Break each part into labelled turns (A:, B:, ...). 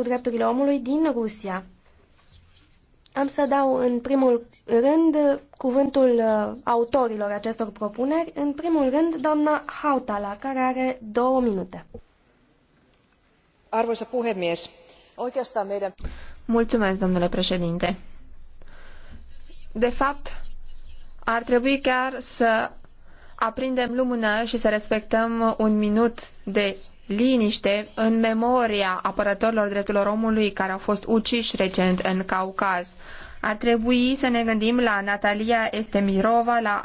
A: cu drepturile omului din Rusia. Am să dau în primul rând cuvântul uh, autorilor acestor propuneri. În primul rând, doamna Hautala, care are două minute.
B: Arvoisa puhemies, oikeastaan meidän...
A: Mulțumesc, domnule președinte.
B: De
C: fapt, ar trebui chiar să aprindem lumina și să respectăm un minut de liniște în memoria apărătorilor drepturilor omului care au fost uciși recent în Caucaz. Ar trebui să ne gândim la Natalia Estemirova, la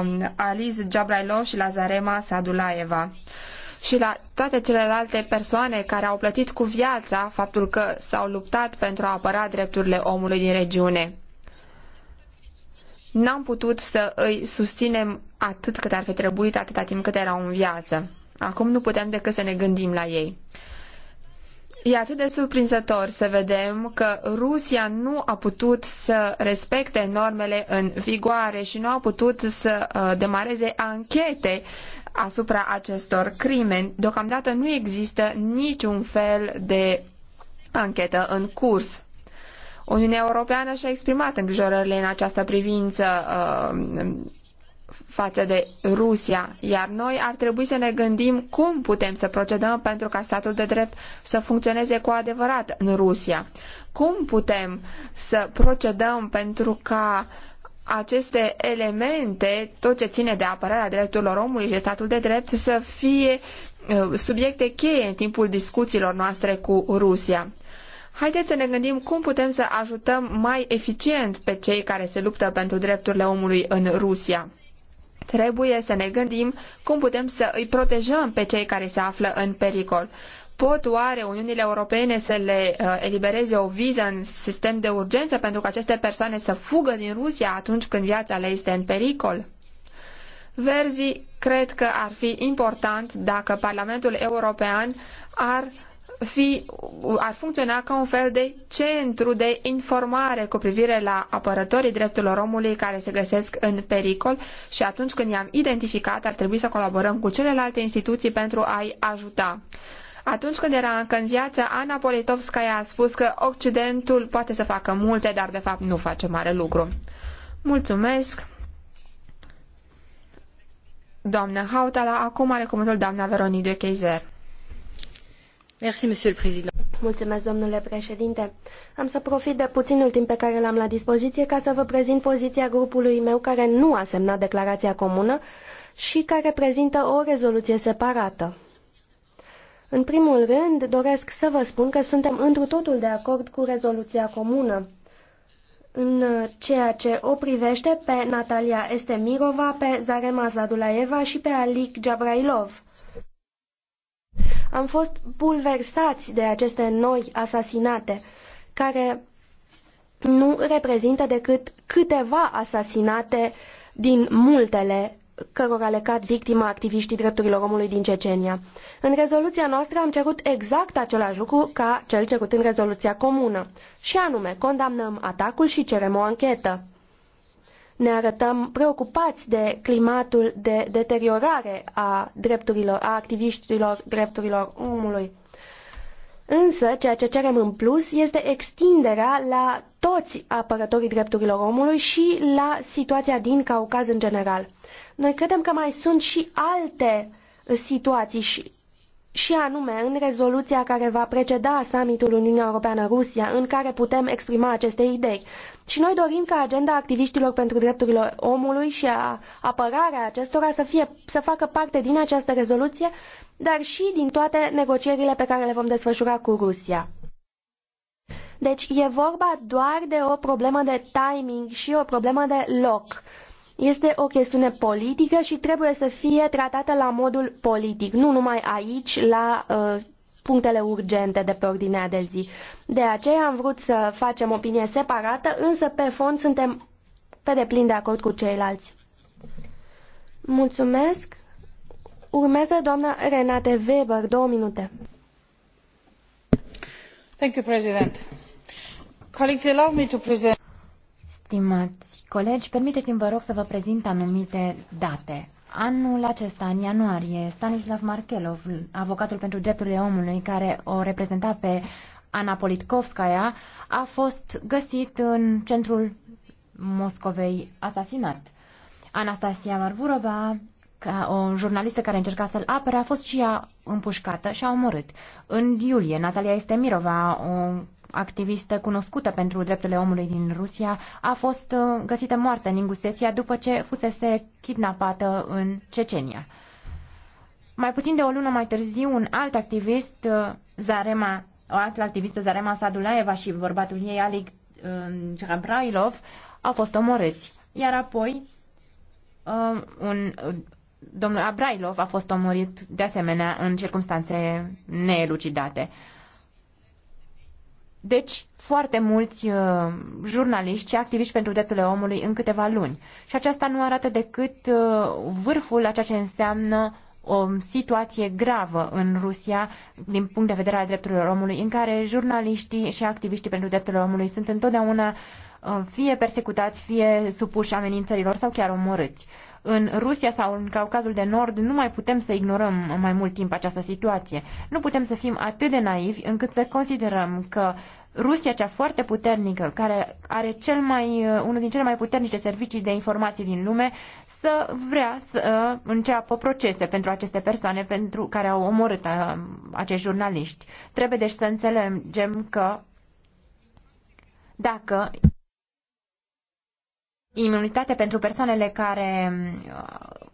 C: um, Aliz Jabrailov și la Zarema Sadulaeva și la toate celelalte persoane care au plătit cu viața faptul că s-au luptat pentru a apăra drepturile omului din regiune. N-am putut să îi susținem atât cât ar fi trebuit, atâta timp cât erau în viață. Acum nu putem decât să ne gândim la ei. E atât de surprinzător să vedem că Rusia nu a putut să respecte normele în vigoare și nu a putut să uh, demareze anchete asupra acestor crime. Deocamdată nu există niciun fel de anchetă în curs. Uniunea Europeană și-a exprimat îngrijorările în această privință uh, față de Rusia, iar noi ar trebui să ne gândim cum putem să procedăm pentru ca statul de drept să funcționeze cu adevărat în Rusia. Cum putem să procedăm pentru ca aceste elemente, tot ce ține de apărarea drepturilor omului și statul de drept, să fie uh, subiecte cheie în timpul discuțiilor noastre cu Rusia. Haideți să ne gândim cum putem să ajutăm mai eficient pe cei care se luptă pentru drepturile omului în Rusia. Trebuie să ne gândim cum putem să îi protejăm pe cei care se află în pericol. Pot oare Uniunile Europene să le uh, elibereze o viză în sistem de urgență pentru că aceste persoane să fugă din Rusia atunci când viața le este în pericol? Verzii cred că ar fi important dacă Parlamentul European ar fi, ar funcționa ca un fel de centru de informare cu privire la apărătorii drepturilor omului care se găsesc în pericol și atunci când i-am identificat ar trebui să colaborăm cu celelalte instituții pentru a-i ajuta. Atunci când era încă în viață, Ana Politovskaya a spus că Occidentul poate să facă multe, dar de fapt nu face mare lucru. Mulțumesc! Doamna Hautala, acum are cuvântul doamna Veronica Cheizer.
A: Mulțumesc, domnule președinte. Am să profit de puținul timp pe care l-am la dispoziție ca să vă prezint poziția grupului meu care nu a semnat declarația comună și care prezintă o rezoluție separată. În primul rând, doresc să vă spun că suntem întru totul de acord cu rezoluția comună în ceea ce o privește pe Natalia Estemirova, pe Zarema Zadulaeva și pe Alik Jabrailov am fost bulversați de aceste noi asasinate, care nu reprezintă decât câteva asasinate din multele cărora le cad victima activiștii drepturilor omului din Cecenia. În rezoluția noastră am cerut exact același lucru ca cel cerut în rezoluția comună, și anume condamnăm atacul și cerem o anchetă ne arătăm preocupați de climatul de deteriorare a drepturilor, a activiștilor drepturilor omului. Însă, ceea ce cerem în plus este extinderea la toți apărătorii drepturilor omului și la situația din Caucaz în general. Noi credem că mai sunt și alte situații și și anume în rezoluția care va preceda summitul Uniunea Europeană-Rusia, în care putem exprima aceste idei. Și noi dorim ca agenda activiștilor pentru drepturile omului și a apărarea acestora să, fie, să facă parte din această rezoluție, dar și din toate negocierile pe care le vom desfășura cu Rusia. Deci e vorba doar de o problemă de timing și o problemă de loc. Este o chestiune politică și trebuie să fie tratată la modul politic, nu numai aici, la uh, punctele urgente de pe ordinea de zi. De aceea am vrut să facem opinie separată, însă pe fond suntem pe deplin de acord cu ceilalți. Mulțumesc. Urmează doamna Renate Weber, două minute.
B: Thank you, President. Colleagues, allow me to present...
A: Stimați
D: colegi, permiteți-mi vă rog să vă prezint anumite date. Anul acesta, în ianuarie, Stanislav Markelov, avocatul pentru drepturile omului, care o reprezenta pe Ana Politkovskaya, a fost găsit în centrul Moscovei asasinat. Anastasia Marvurova, ca o jurnalistă care încerca să-l apere, a fost și ea împușcată și a omorât. În iulie, Natalia Estemirova, o activistă cunoscută pentru drepturile omului din Rusia, a fost uh, găsită moartă în Ingusetia după ce fusese kidnapată în Cecenia. Mai puțin de o lună mai târziu, un alt activist, uh, Zarema, o altă activistă, Zarema Sadulaeva și bărbatul ei, Alex Jabrailov, uh, au fost omorâți. Iar apoi, un domnul Abrailov a fost omorât de asemenea în circunstanțe neelucidate. Deci, foarte mulți uh, jurnaliști și activiști pentru drepturile omului în câteva luni. Și aceasta nu arată decât uh, vârful a ceea ce înseamnă o situație gravă în Rusia din punct de vedere al drepturilor omului, în care jurnaliștii și activiștii pentru drepturile omului sunt întotdeauna uh, fie persecutați, fie supuși amenințărilor sau chiar omorâți în Rusia sau în Caucazul de Nord, nu mai putem să ignorăm mai mult timp această situație. Nu putem să fim atât de naivi încât să considerăm că Rusia, cea foarte puternică, care are cel mai, uh, unul din cele mai puternice servicii de informații din lume, să vrea să uh, înceapă procese pentru aceste persoane pentru care au omorât uh, acești jurnaliști. Trebuie deci să înțelegem că dacă imunitate pentru persoanele care uh,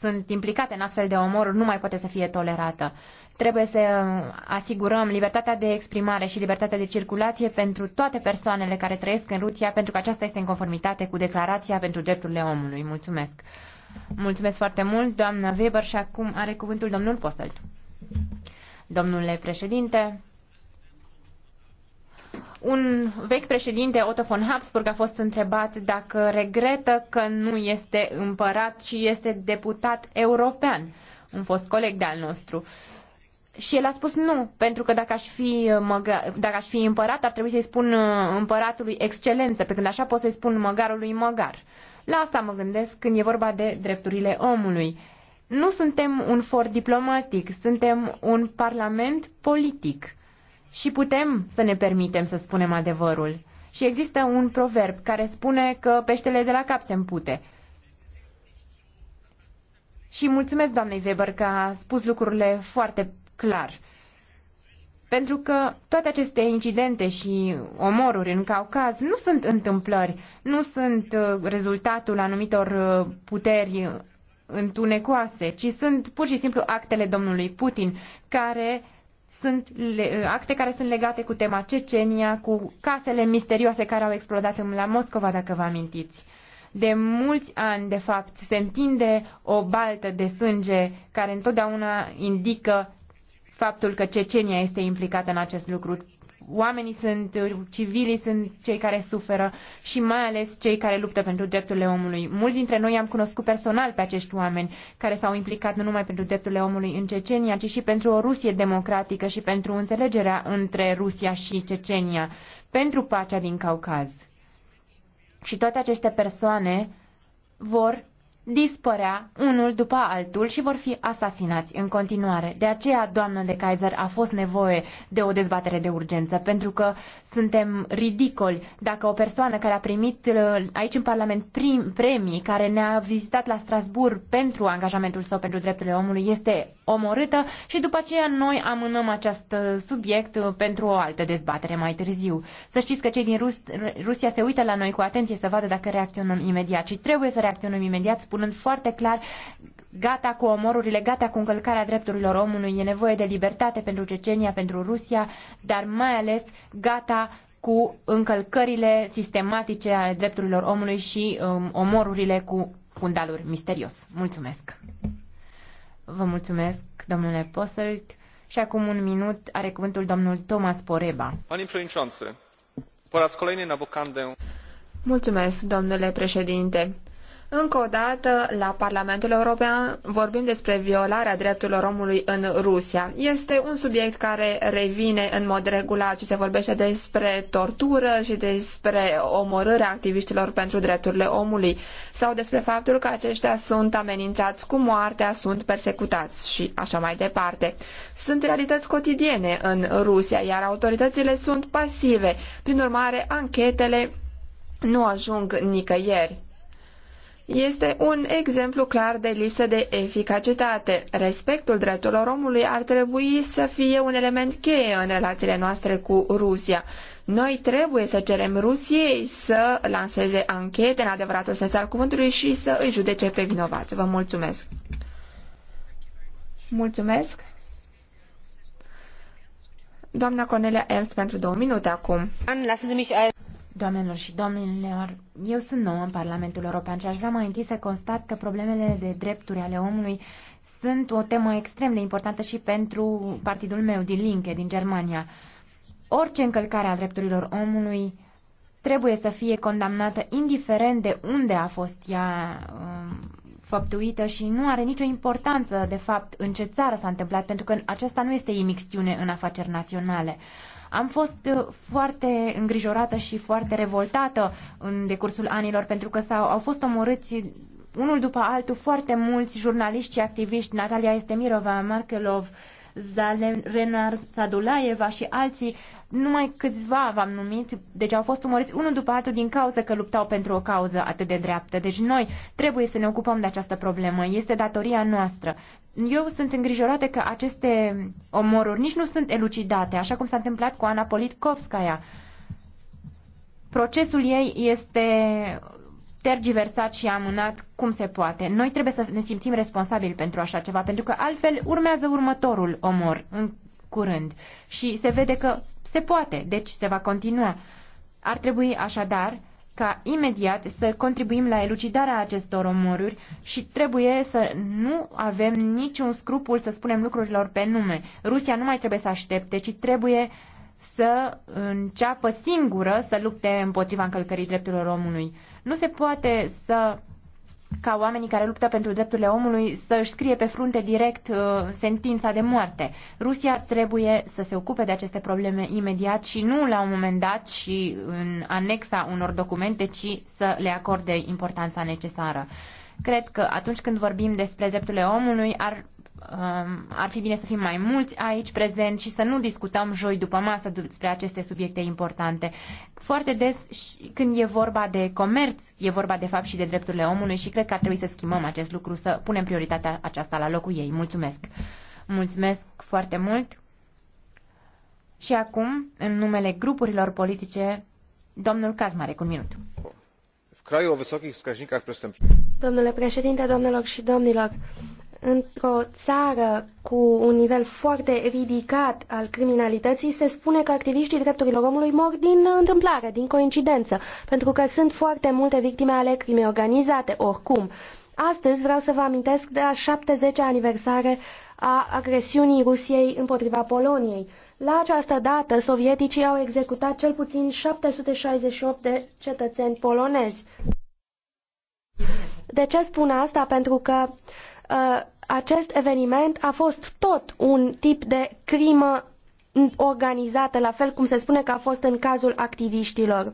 D: sunt implicate în astfel de omoruri nu mai poate să fie tolerată. Trebuie să uh, asigurăm libertatea de exprimare și libertatea de circulație pentru toate persoanele care trăiesc în Rusia, pentru că aceasta este în conformitate cu Declarația pentru Drepturile Omului. Mulțumesc! Mulțumesc foarte mult, doamna Weber, și acum are cuvântul domnul Postel. Domnule președinte, un vechi președinte, Otto von Habsburg, a fost întrebat dacă regretă că nu este împărat, ci este deputat european, un fost coleg de-al nostru. Și el a spus nu, pentru că dacă aș fi, măga, dacă aș fi împărat, ar trebui să-i spun uh, împăratului excelență, pe când așa pot să-i spun măgarului măgar. La asta mă gândesc când e vorba de drepturile omului. Nu suntem un for diplomatic, suntem un parlament politic și putem să ne permitem să spunem adevărul. Și există un proverb care spune că peștele de la cap se împute. Și mulțumesc doamnei Weber că a spus lucrurile foarte clar. Pentru că toate aceste incidente și omoruri în Caucaz nu sunt întâmplări, nu sunt uh, rezultatul anumitor uh, puteri întunecoase, ci sunt pur și simplu actele domnului Putin, care sunt acte care sunt legate cu tema Cecenia, cu casele misterioase care au explodat în la Moscova, dacă vă amintiți. De mulți ani, de fapt, se întinde o baltă de sânge care întotdeauna indică faptul că Cecenia este implicată în acest lucru oamenii sunt, civilii sunt cei care suferă și mai ales cei care luptă pentru drepturile omului. Mulți dintre noi am cunoscut personal pe acești oameni care s-au implicat nu numai pentru drepturile omului în Cecenia, ci și pentru o Rusie democratică și pentru înțelegerea între Rusia și Cecenia, pentru pacea din Caucaz. Și toate aceste persoane vor dispărea unul după altul și vor fi asasinați în continuare. De aceea, doamnă de Kaiser, a fost nevoie de o dezbatere de urgență, pentru că suntem ridicoli dacă o persoană care a primit uh, aici în Parlament prim, premii, care ne-a vizitat la Strasbourg pentru angajamentul său pentru drepturile omului, este omorâtă și după aceea noi amânăm acest uh, subiect uh, pentru o altă dezbatere mai târziu. Să știți că cei din Rus- Rusia se uită la noi cu atenție să vadă dacă reacționăm imediat și trebuie să reacționăm imediat, spun spunând foarte clar gata cu omorurile, gata cu încălcarea drepturilor omului, e nevoie de libertate pentru Cecenia, pentru Rusia, dar mai ales gata cu încălcările sistematice ale drepturilor omului și um, omorurile cu fundaluri misterios. Mulțumesc! Vă mulțumesc, domnule Posălt. Și acum un minut are cuvântul domnul Thomas Poreba. Mulțumesc, domnule
C: președinte. Încă o dată, la Parlamentul European vorbim despre violarea drepturilor omului în Rusia. Este un subiect care revine în mod regulat și se vorbește despre tortură și despre omorârea activiștilor pentru drepturile omului sau despre faptul că aceștia sunt amenințați cu moartea, sunt persecutați și așa mai departe. Sunt realități cotidiene în Rusia, iar autoritățile sunt pasive. Prin urmare, anchetele nu ajung nicăieri. Este un exemplu clar de lipsă de eficacitate. Respectul drepturilor omului ar trebui să fie un element cheie în relațiile noastre cu Rusia. Noi trebuie să cerem Rusiei să lanseze anchete în adevăratul sens al cuvântului și să îi judece pe vinovați. Vă mulțumesc! Mulțumesc! Doamna Cornelia Ernst pentru două minute acum.
D: Doamnelor și domnilor, eu sunt nouă în Parlamentul European și aș vrea mai întâi să constat că problemele de drepturi ale omului sunt o temă extrem de importantă și pentru partidul meu din Linke, din Germania. Orice încălcare a drepturilor omului trebuie să fie condamnată indiferent de unde a fost ea um, făptuită și nu are nicio importanță, de fapt, în ce țară s-a întâmplat, pentru că aceasta nu este imixtiune în afaceri naționale. Am fost uh, foarte îngrijorată și foarte revoltată în decursul anilor pentru că s-au, au fost omorâți unul după altul foarte mulți jurnaliști și activiști, Natalia Estemirova, Markelov, Zalen, Renar Sadulaeva și alții, numai câțiva v-am numit, deci au fost umoriți unul după altul din cauza că luptau pentru o cauză atât de dreaptă. Deci noi trebuie să ne ocupăm de această problemă, este datoria noastră eu sunt îngrijorată că aceste omoruri nici nu sunt elucidate, așa cum s-a întâmplat cu Ana Politkovskaya. Procesul ei este tergiversat și amânat cum se poate. Noi trebuie să ne simțim responsabili pentru așa ceva, pentru că altfel urmează următorul omor în curând. Și se vede că se poate, deci se va continua. Ar trebui așadar ca imediat să contribuim la elucidarea acestor omoruri și trebuie să nu avem niciun scrupul să spunem lucrurilor pe nume. Rusia nu mai trebuie să aștepte, ci trebuie să înceapă singură să lupte împotriva încălcării drepturilor omului. Nu se poate să ca oamenii care luptă pentru drepturile omului să își scrie pe frunte direct uh, sentința de moarte. Rusia trebuie să se ocupe de aceste probleme imediat și nu la un moment dat și în anexa unor documente, ci să le acorde importanța necesară. Cred că atunci când vorbim despre drepturile omului, ar Um, ar fi bine să fim mai mulți aici prezenți și să nu discutăm joi după masă despre aceste subiecte importante. Foarte des când e vorba de comerț, e vorba de fapt și de drepturile omului și cred că ar trebui să schimbăm acest lucru, să punem prioritatea aceasta la locul ei. Mulțumesc! Mulțumesc foarte mult! Și acum, în numele
A: grupurilor politice, domnul Cazmarec, un minut. Domnule președinte, domnilor și domnilor, într-o țară cu un nivel foarte ridicat al criminalității, se spune că activiștii drepturilor omului mor din întâmplare, din coincidență, pentru că sunt foarte multe victime ale crimei organizate, oricum. Astăzi vreau să vă amintesc de a 70 -a aniversare a agresiunii Rusiei împotriva Poloniei. La această dată, sovieticii au executat cel puțin 768 de cetățeni polonezi. De ce spun asta? Pentru că Uh, acest eveniment a fost tot un tip de crimă organizată, la fel cum se spune că a fost în cazul activiștilor.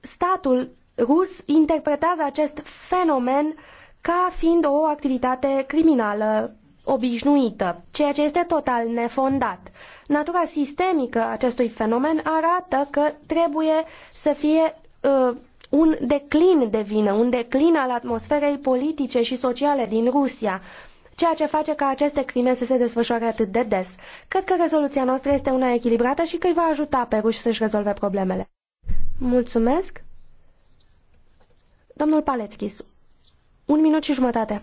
A: Statul rus interpretează acest fenomen ca fiind o activitate criminală obișnuită, ceea ce este total nefondat. Natura sistemică acestui fenomen arată că trebuie să fie uh, un declin de vină, un declin al atmosferei politice și sociale din Rusia, ceea ce face ca aceste crime să se desfășoare atât de des. Cred că rezoluția noastră este una echilibrată și că îi va ajuta pe ruși să-și rezolve problemele. Mulțumesc. Domnul Palețchis, un minut și jumătate.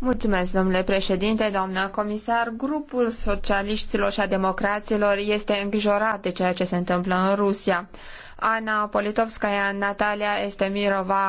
C: Mulțumesc, domnule președinte, doamnă comisar. Grupul socialiștilor și a democraților este îngrijorat de ceea ce se întâmplă în Rusia. Ana Politovskaya, Natalia Estemirova,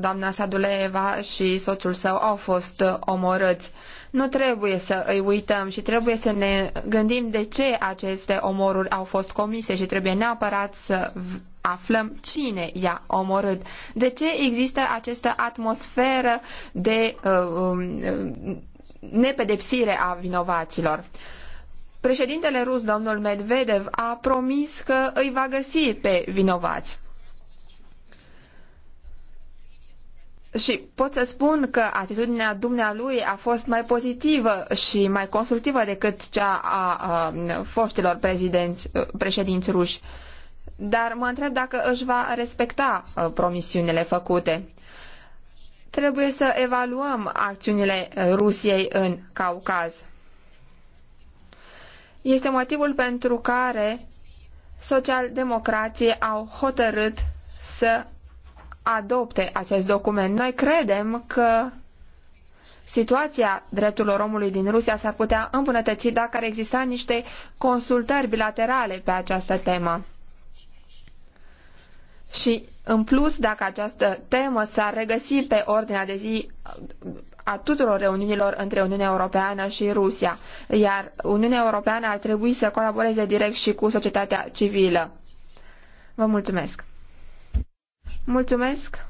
C: doamna Saduleeva și soțul său au fost omorâți. Nu trebuie să îi uităm și trebuie să ne gândim de ce aceste omoruri au fost comise și trebuie neapărat să aflăm cine i-a omorât. De ce există această atmosferă de uh, um, uh, nepedepsire a vinovaților? Președintele rus, domnul Medvedev, a promis că îi va găsi pe vinovați. Și pot să spun că atitudinea dumnealui a fost mai pozitivă și mai constructivă decât cea a, a foștilor uh, președinți ruși dar mă întreb dacă își va respecta uh, promisiunile făcute. Trebuie să evaluăm acțiunile uh, Rusiei în Caucaz. Este motivul pentru care socialdemocrații au hotărât să adopte acest document. Noi credem că situația drepturilor omului din Rusia s-ar putea îmbunătăți dacă ar exista niște consultări bilaterale pe această temă. Și, în plus, dacă această temă s-ar regăsi pe ordinea de zi a tuturor reuniunilor între Uniunea Europeană și Rusia, iar Uniunea Europeană ar trebui să colaboreze direct și cu societatea civilă. Vă mulțumesc! Mulțumesc!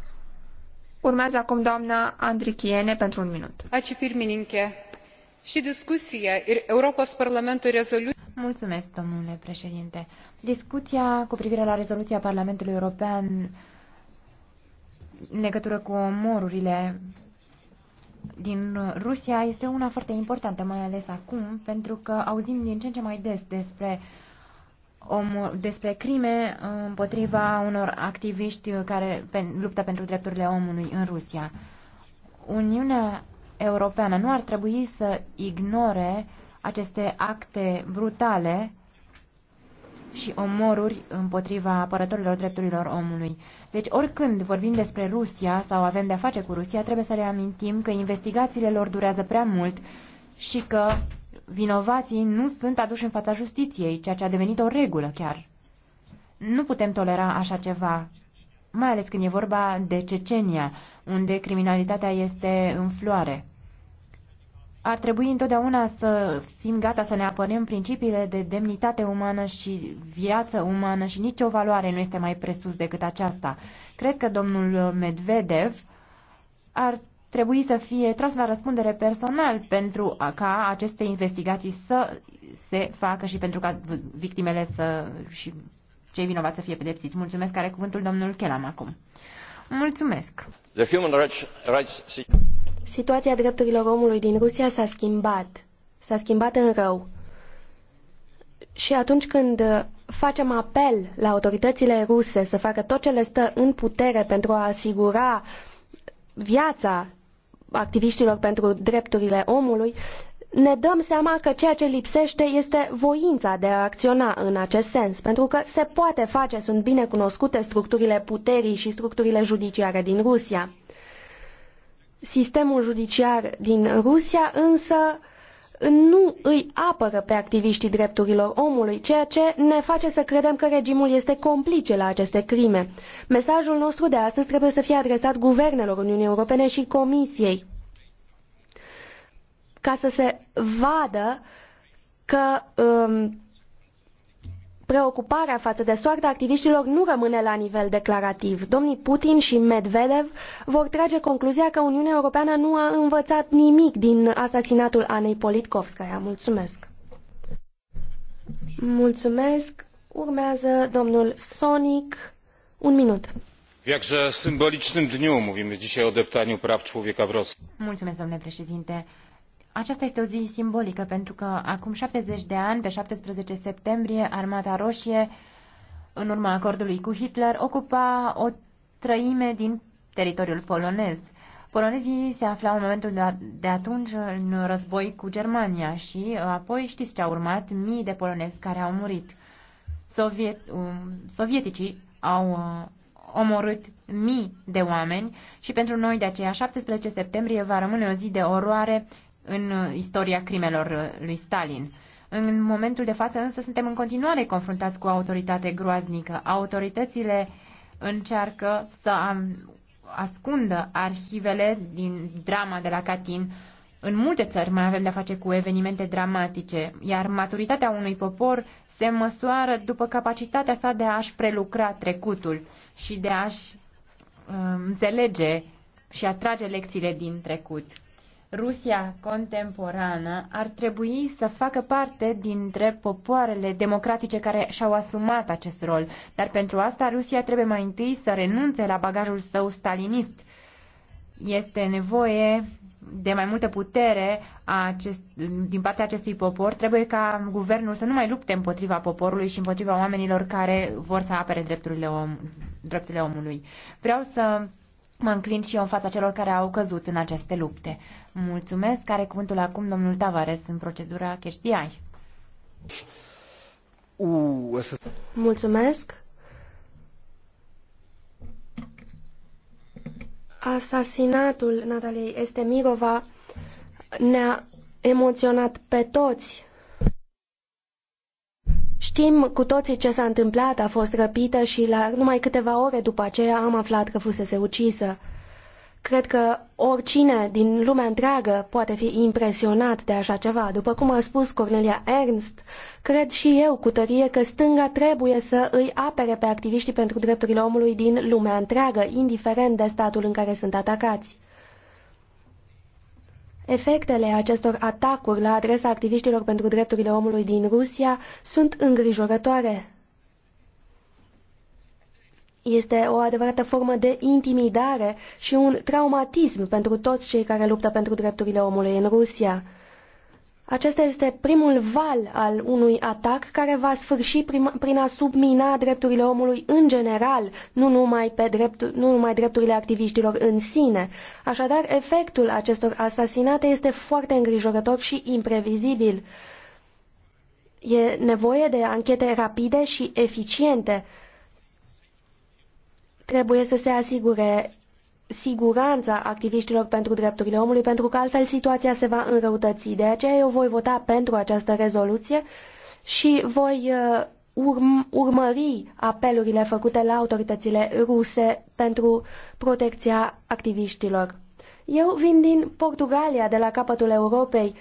C: Urmează acum doamna
D: Andrichiene
C: pentru un minut
D: și discuția Europos Parlamentul rezoluție. Mulțumesc, domnule președinte. Discuția cu privire la rezoluția Parlamentului European în legătură cu omorurile din Rusia este una foarte importantă, mai ales acum, pentru că auzim din ce în ce mai des despre omor, despre crime împotriva unor activiști care luptă pentru drepturile omului în Rusia. Uniunea Europeană nu ar trebui să ignore aceste acte brutale și omoruri împotriva apărătorilor drepturilor omului. Deci, oricând vorbim despre Rusia sau avem de-a face cu Rusia, trebuie să reamintim că investigațiile lor durează prea mult și că vinovații nu sunt aduși în fața justiției, ceea ce a devenit o regulă chiar. Nu putem tolera așa ceva, mai ales când e vorba de Cecenia unde criminalitatea este în floare. Ar trebui întotdeauna să fim gata să ne apărăm principiile de demnitate umană și viață umană și nicio valoare nu este mai presus decât aceasta. Cred că domnul Medvedev ar trebui să fie tras la răspundere personal pentru ca aceste investigații să se facă și pentru ca victimele să și cei vinovați să fie pedepsiți.
A: Mulțumesc, are cuvântul domnul Chelam acum. Situația drepturilor omului din Rusia s-a schimbat. S-a schimbat în rău. Și atunci când uh, facem apel la autoritățile ruse să facă tot ce le stă în putere pentru a asigura viața activiștilor pentru drepturile omului, ne dăm seama că ceea ce lipsește este voința de a acționa în acest sens, pentru că se poate face, sunt bine cunoscute structurile puterii și structurile judiciare din Rusia. Sistemul judiciar din Rusia însă nu îi apără pe activiștii drepturilor omului, ceea ce ne face să credem că regimul este complice la aceste crime. Mesajul nostru de astăzi trebuie să fie adresat guvernelor Uniunii Europene și Comisiei ca să se vadă că um, preocuparea față de soarta activiștilor nu rămâne la nivel declarativ. Domnii Putin și Medvedev vor trage concluzia că Uniunea Europeană nu a învățat nimic din asasinatul Anei Politkovskaya. Mulțumesc! Mulțumesc! Urmează domnul Sonic. Un minut.
E: W jakże symbolicznym dniu mówimy dzisiaj o deptaniu praw człowieka w Rosji.
D: Mulțumesc, domnule președinte. Aceasta este o zi simbolică pentru că acum 70 de ani, pe 17 septembrie, Armata Roșie, în urma acordului cu Hitler, ocupa o trăime din teritoriul polonez. Polonezii se aflau în momentul de atunci în război cu Germania și uh, apoi știți ce a urmat, mii de polonezi care au murit. Soviet, um, sovieticii au uh, omorât mii de oameni și pentru noi de aceea 17 septembrie va rămâne o zi de oroare în uh, istoria crimelor uh, lui Stalin. În momentul de față însă suntem în continuare confruntați cu o autoritate groaznică. Autoritățile încearcă să ascundă arhivele din drama de la Catin. În multe țări mai avem de-a face cu evenimente dramatice, iar maturitatea unui popor se măsoară după capacitatea sa de a-și prelucra trecutul și de a-și uh, înțelege și atrage lecțiile din trecut. Rusia contemporană ar trebui să facă parte dintre popoarele democratice care și-au asumat acest rol. Dar pentru asta Rusia trebuie mai întâi să renunțe la bagajul său stalinist. Este nevoie de mai multă putere a acest, din partea acestui popor, trebuie ca guvernul să nu mai lupte împotriva poporului și împotriva oamenilor care vor să apere drepturile, om, drepturile omului. Vreau să mă înclin și eu în fața celor care au căzut în aceste lupte. Mulțumesc. Care cuvântul acum domnul Tavares în procedura cheștiai?
A: Mulțumesc. Asasinatul Nataliei Estemirova ne-a emoționat pe toți Știm cu toții ce s-a întâmplat, a fost răpită și la numai câteva ore după aceea am aflat că fusese ucisă. Cred că oricine din lumea întreagă poate fi impresionat de așa ceva. După cum a spus Cornelia Ernst, cred și eu cu tărie că stânga trebuie să îi apere pe activiștii pentru drepturile omului din lumea întreagă, indiferent de statul în care sunt atacați. Efectele acestor atacuri la adresa activiștilor pentru drepturile omului din Rusia sunt îngrijorătoare. Este o adevărată formă de intimidare și un traumatism pentru toți cei care luptă pentru drepturile omului în Rusia. Acesta este primul val al unui atac care va sfârși prim, prin a submina drepturile omului în general, nu numai, pe nu numai drepturile activiștilor în sine. Așadar, efectul acestor asasinate este foarte îngrijorător și imprevizibil. E nevoie de anchete rapide și eficiente. Trebuie să se asigure siguranța activiștilor pentru drepturile omului, pentru că altfel situația se va înrăutăți. De aceea eu voi vota pentru această rezoluție și voi uh, urm urmări apelurile făcute la autoritățile ruse pentru protecția activiștilor. Eu vin din Portugalia, de la capătul Europei,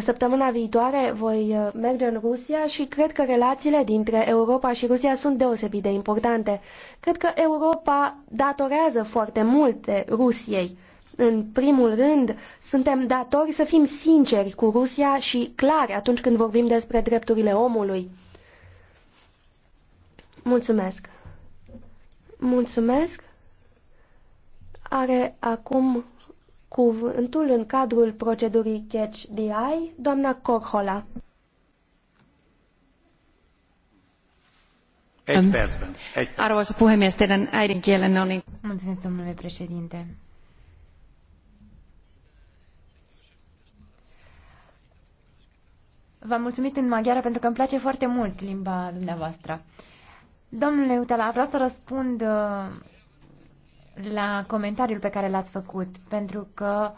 A: Săptămâna viitoare voi uh, merge în Rusia și cred că relațiile dintre Europa și Rusia sunt deosebit de importante. Cred că Europa datorează foarte multe Rusiei. În primul rând, suntem datori să fim sinceri cu Rusia și clari atunci când vorbim despre drepturile omului. Mulțumesc. Mulțumesc. Are acum cuvântul în cadrul procedurii Catch the Eye, doamna Corhola.
D: Arvoisa puhemies, teidän äidinkielenne
B: on... Mulțumesc,
D: domnule președinte. V-am mulțumit în maghiară pentru că îmi place foarte mult limba dumneavoastră. Domnule Utela, vreau să răspund uh, la comentariul pe care l-ați făcut, pentru că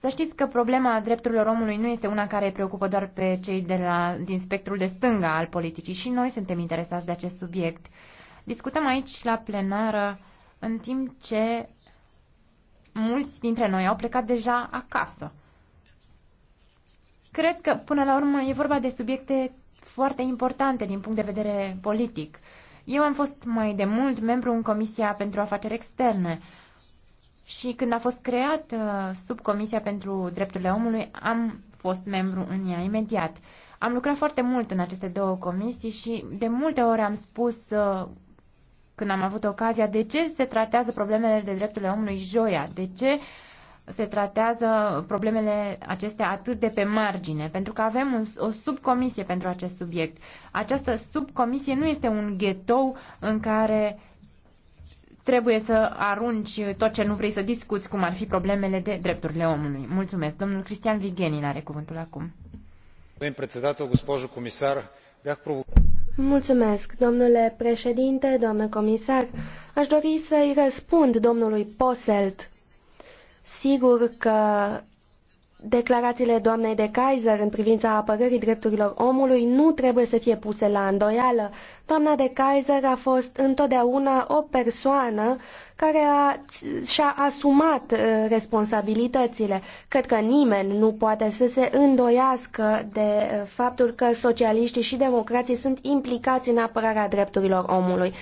D: să știți că problema drepturilor omului nu este una care îi preocupă doar pe cei de la, din spectrul de stânga al politicii și noi suntem interesați de acest subiect. Discutăm aici la plenară în timp ce mulți dintre noi au plecat deja acasă. Cred că, până la urmă, e vorba de subiecte foarte importante din punct de vedere politic. Eu am fost mai de mult membru în Comisia pentru Afaceri Externe și când a fost creat uh, sub Comisia pentru Drepturile Omului, am fost membru în ea imediat. Am lucrat foarte mult în aceste două comisii și de multe ori am spus uh, când am avut ocazia de ce se tratează problemele de drepturile omului joia, de ce uh, se tratează problemele acestea atât de pe margine, pentru că avem un, o subcomisie pentru acest subiect. Această subcomisie nu este un ghetou în care trebuie să arunci tot ce nu vrei să discuți, cum ar fi problemele de drepturile omului. Mulțumesc. Domnul Cristian Vigenin are cuvântul acum.
A: Mulțumesc, domnule președinte, doamnă comisar. Aș dori să-i răspund domnului Poselt Sigur că declarațiile doamnei de Kaiser în privința apărării drepturilor omului nu trebuie să fie puse la îndoială. Doamna de Kaiser a fost întotdeauna o persoană care a, și-a asumat uh, responsabilitățile. Cred că nimeni nu poate să se îndoiască de uh, faptul că socialiștii și democrații sunt implicați în apărarea drepturilor omului.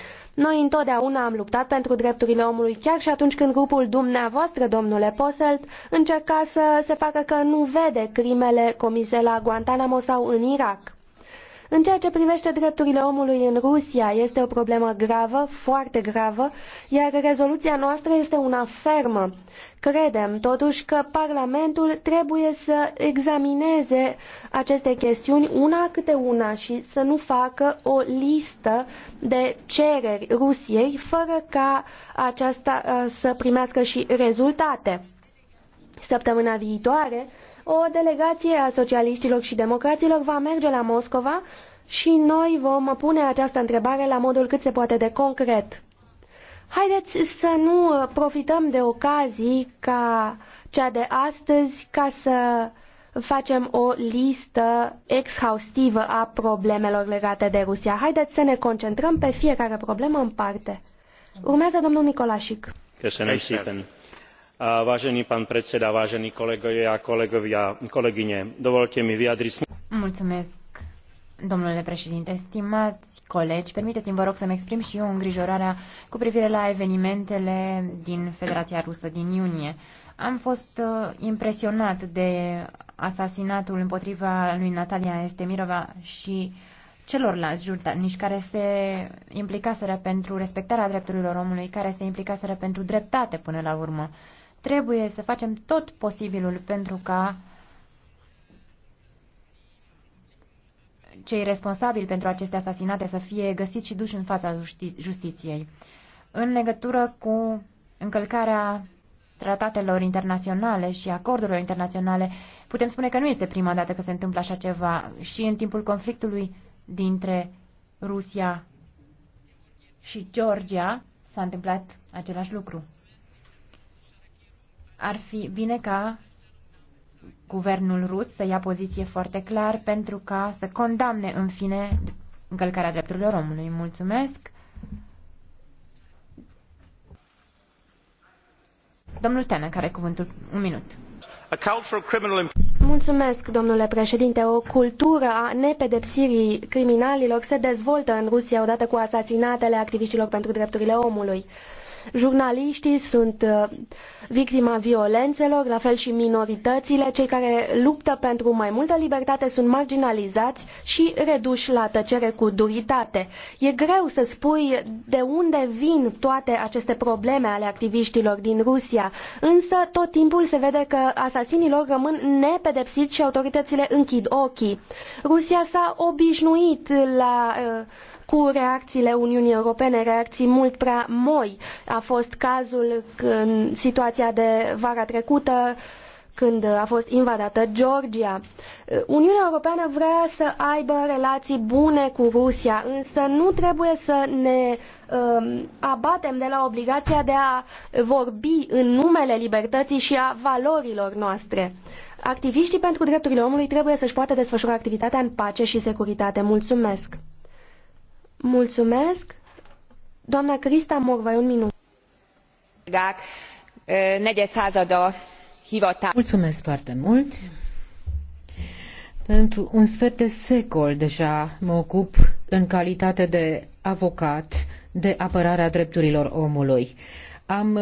A: Noi întotdeauna am luptat pentru drepturile omului, chiar și atunci când grupul dumneavoastră, domnule Poselt, încerca să se facă că nu vede crimele comise la Guantanamo sau în Irak. În ceea ce privește drepturile omului în Rusia, este o problemă gravă, foarte gravă, iar rezoluția noastră este una fermă. Credem totuși că Parlamentul trebuie să examineze aceste chestiuni una câte una și să nu facă o listă de cereri Rusiei fără ca aceasta uh, să primească și rezultate. Săptămâna viitoare, o delegație a socialiștilor și democraților va merge la Moscova și noi vom pune această întrebare la modul cât se poate de concret. Haideți să nu profităm de ocazii ca cea de astăzi ca să facem o listă exhaustivă a problemelor legate de Rusia. Haideți să ne concentrăm pe fiecare problemă în parte. Urmează domnul Nicolașic.
F: Vážený pán predseda, vážení kolegovia a kolegovia, kolegyne, dovolte mi vyjadriť...
D: Mulțumesc, Domnule președinte, stimați colegi, permiteți-mi vă rog să-mi exprim și eu îngrijorarea cu privire la evenimentele din Federația Rusă din iunie. Am fost uh, impresionat de asasinatul împotriva lui Natalia Estemirova și celorlalți jurnaliști care se implicaseră pentru respectarea drepturilor omului, care se implicaseră pentru dreptate până la urmă. Trebuie să facem tot posibilul pentru ca cei responsabili pentru aceste asasinate să fie găsiți și duși în fața justi justiției. În legătură cu încălcarea tratatelor internaționale și acordurilor internaționale, putem spune că nu este prima dată că se întâmplă așa ceva. Și în timpul conflictului dintre Rusia și Georgia s-a întâmplat același lucru. Ar fi bine ca guvernul rus să ia poziție foarte clar pentru ca să condamne în fine încălcarea drepturilor omului. Mulțumesc! Domnul Tenă, care cuvântul un minut.
A: Mulțumesc, domnule președinte. O cultură a nepedepsirii criminalilor se dezvoltă în Rusia odată cu asasinatele activiștilor pentru drepturile omului. Jurnaliștii sunt uh, victima violențelor, la fel și minoritățile, cei care luptă pentru mai multă libertate sunt marginalizați și reduși la tăcere cu duritate. E greu să spui de unde vin toate aceste probleme ale activiștilor din Rusia, însă tot timpul se vede că asasinii lor rămân nepedepsiți și autoritățile închid ochii. Rusia s-a obișnuit la uh, cu reacțiile Uniunii Europene, reacții mult prea moi. A fost cazul în situația de vara trecută, când a fost invadată Georgia. Uniunea Europeană vrea să aibă relații bune cu Rusia, însă nu trebuie să ne um, abatem de la obligația de a vorbi în numele libertății și a valorilor noastre. Activiștii pentru drepturile omului trebuie să-și poată desfășura activitatea în pace și securitate. Mulțumesc! Mulțumesc. Doamna Crista Morvai, un minut.
B: Mulțumesc foarte mult. Pentru un sfert de secol deja mă ocup în calitate de avocat de apărarea drepturilor omului. Am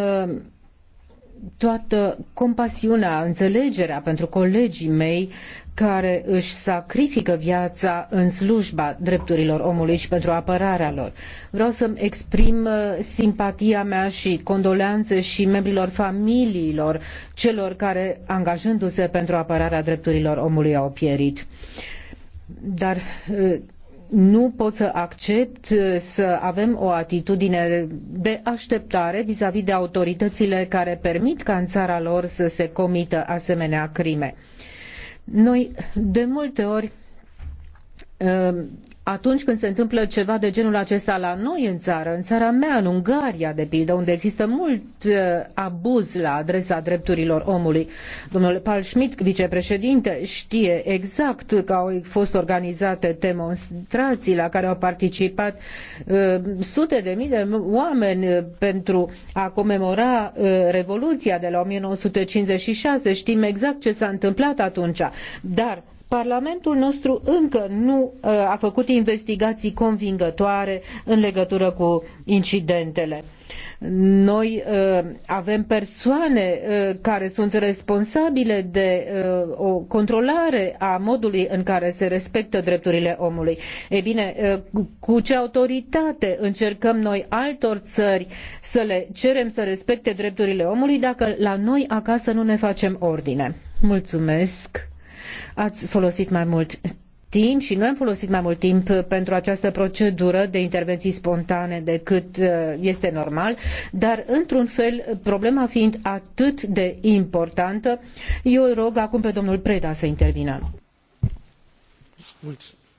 B: toată compasiunea, înțelegerea pentru colegii mei care își sacrifică viața în slujba drepturilor omului și pentru apărarea lor. Vreau să-mi exprim uh, simpatia mea și condoleanțe și membrilor familiilor celor care, angajându-se pentru apărarea drepturilor omului, au pierit. Dar uh, nu pot să accept uh, să avem o atitudine de așteptare vis-a-vis -vis de autoritățile care permit ca în țara lor să se comită asemenea crime. Noi de multe ori Ehm, atunci când se întâmplă ceva de genul acesta la noi în țară, în țara mea, în Ungaria, de pildă, unde există mult eh, abuz la adresa drepturilor omului. Domnul Paul Schmidt, vicepreședinte, știe exact că au fost organizate demonstrații la care au participat uh, sute de mii de oameni pentru a comemora uh, Revoluția de la 1956. Știm exact ce s-a întâmplat atunci. Dar Parlamentul nostru încă nu uh, a făcut investigații convingătoare în legătură cu incidentele. Noi uh, avem persoane uh, care sunt responsabile de o controlare a modului în care se respectă drepturile omului. Ei bine, cu ce autoritate încercăm noi altor țări să le cerem să respecte drepturile omului dacă la noi acasă nu ne facem ordine? Mulțumesc! Ați folosit mai mult timp și noi am folosit mai mult timp pentru această procedură de intervenții spontane decât uh, este normal, dar într-un fel, problema fiind atât de importantă, eu rog acum pe domnul Preda să intervină.
E: Mulțumesc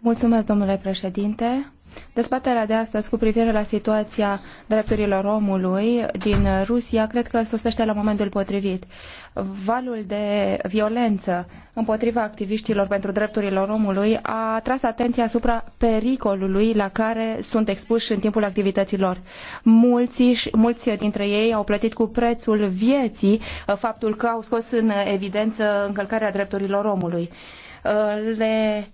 F: Mulțumesc, domnule președinte. Dezbaterea de astăzi cu privire la situația drepturilor omului din Rusia cred că sosete la momentul potrivit. Valul de violență împotriva activitilor pentru drepturile omului a tras atenția asupra pericolului la care sunt expuși în timpul activităților. Mulți, mulți dintre ei au plătit cu prețul vieții faptul că au scos în evidență încălcarea drepturilor omului Uh, le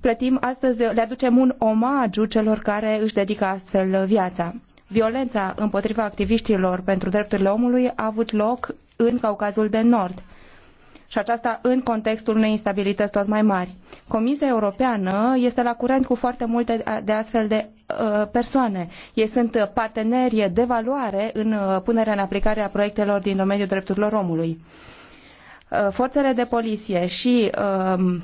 F: plătim astăzi, le aducem un omagiu celor care își dedică astfel viața. Violența împotriva activiștilor pentru drepturile omului a avut loc în Caucazul de Nord și aceasta în contextul unei instabilități tot mai mari. Comisia Europeană este la curent cu foarte multe de astfel de uh, persoane. Ei sunt parteneri de valoare în uh, punerea în aplicare a proiectelor din domeniul drepturilor omului. Uh, forțele de poliție și um,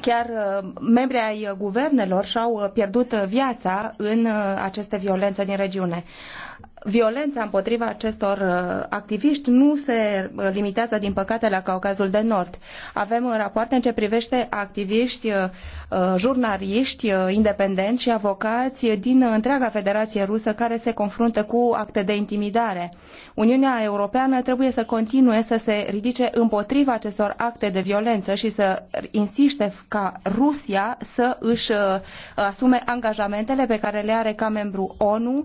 F: chiar uh, membrii ai guvernelor și-au uh, pierdut viața în aceste violențe din regiune violența împotriva acestor uh, activiști nu se uh, limitează, din păcate, la Caucazul de Nord. Avem în uh, rapoarte în ce privește activiști, jurnaliști independenți și avocați din întreaga Federație Rusă care se confruntă cu acte de intimidare. Uniunea Europeană trebuie să continue să se ridice împotriva acestor acte de violență și să insiste ca Rusia să își asume angajamentele pe care le are ca membru ONU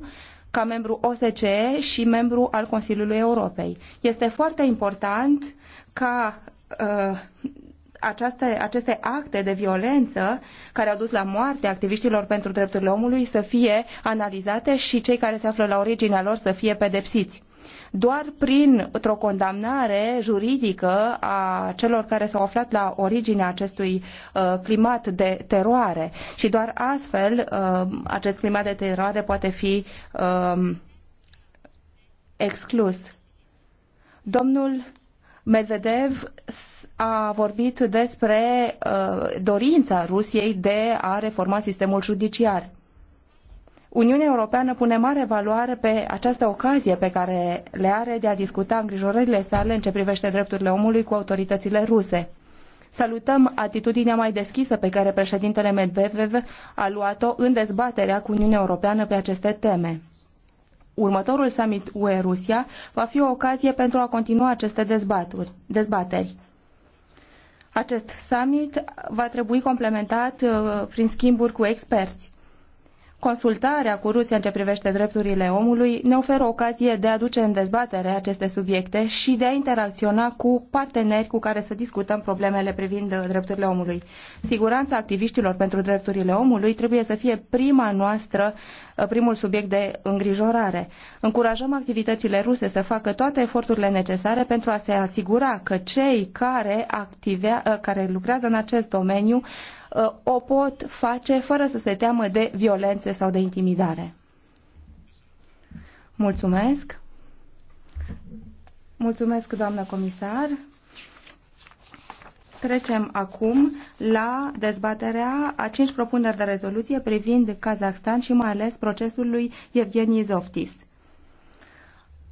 F: ca membru OSCE și membru al Consiliului Europei. Este foarte important ca uh, aceste, aceste acte de violență care au dus la moarte activiștilor pentru drepturile omului să fie analizate și cei care se află la originea lor să fie pedepsiți doar prin o condamnare juridică a celor care s-au aflat la originea acestui uh, climat de teroare și doar astfel uh, acest climat de teroare poate fi um, exclus. Domnul Medvedev a vorbit despre uh, dorința Rusiei de a reforma sistemul judiciar. Uniunea Europeană pune mare valoare pe această ocazie pe care le are de a discuta îngrijorările sale în ce privește drepturile omului cu autoritățile ruse. Salutăm atitudinea mai deschisă pe care președintele Medvedev a luat-o în dezbaterea cu Uniunea Europeană pe aceste teme. Următorul summit UE-Rusia va fi o ocazie pentru a continua aceste dezbaturi, dezbateri. Acest summit va trebui complementat uh, prin schimburi cu experți. Consultarea cu Rusia în ce privește drepturile omului ne oferă ocazie de a aduce în dezbatere aceste subiecte și de a interacționa cu parteneri cu care să discutăm problemele privind uh, drepturile omului. Siguranța activiștilor pentru drepturile omului trebuie să fie prima noastră, uh, primul subiect de îngrijorare. Încurajăm activitățile ruse să facă toate eforturile necesare pentru a se asigura că cei care, activea, uh, care lucrează în acest domeniu Uh, o pot face fără să se teamă de violențe sau de intimidare. Mulțumesc! Mulțumesc, doamnă comisar! Trecem acum la dezbaterea a cinci propuneri de rezoluție privind Kazahstan și mai ales procesul lui Evgeni Zoftis.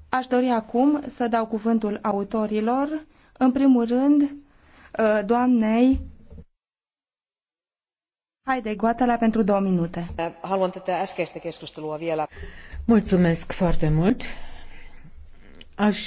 F: Aș dori acum să dau cuvântul autorilor, în primul rând uh, doamnei Haide, Guatala, pentru două minute.
B: Haluan tätä äskeistä keskustelua vielä. Mulțumesc foarte mult. Aș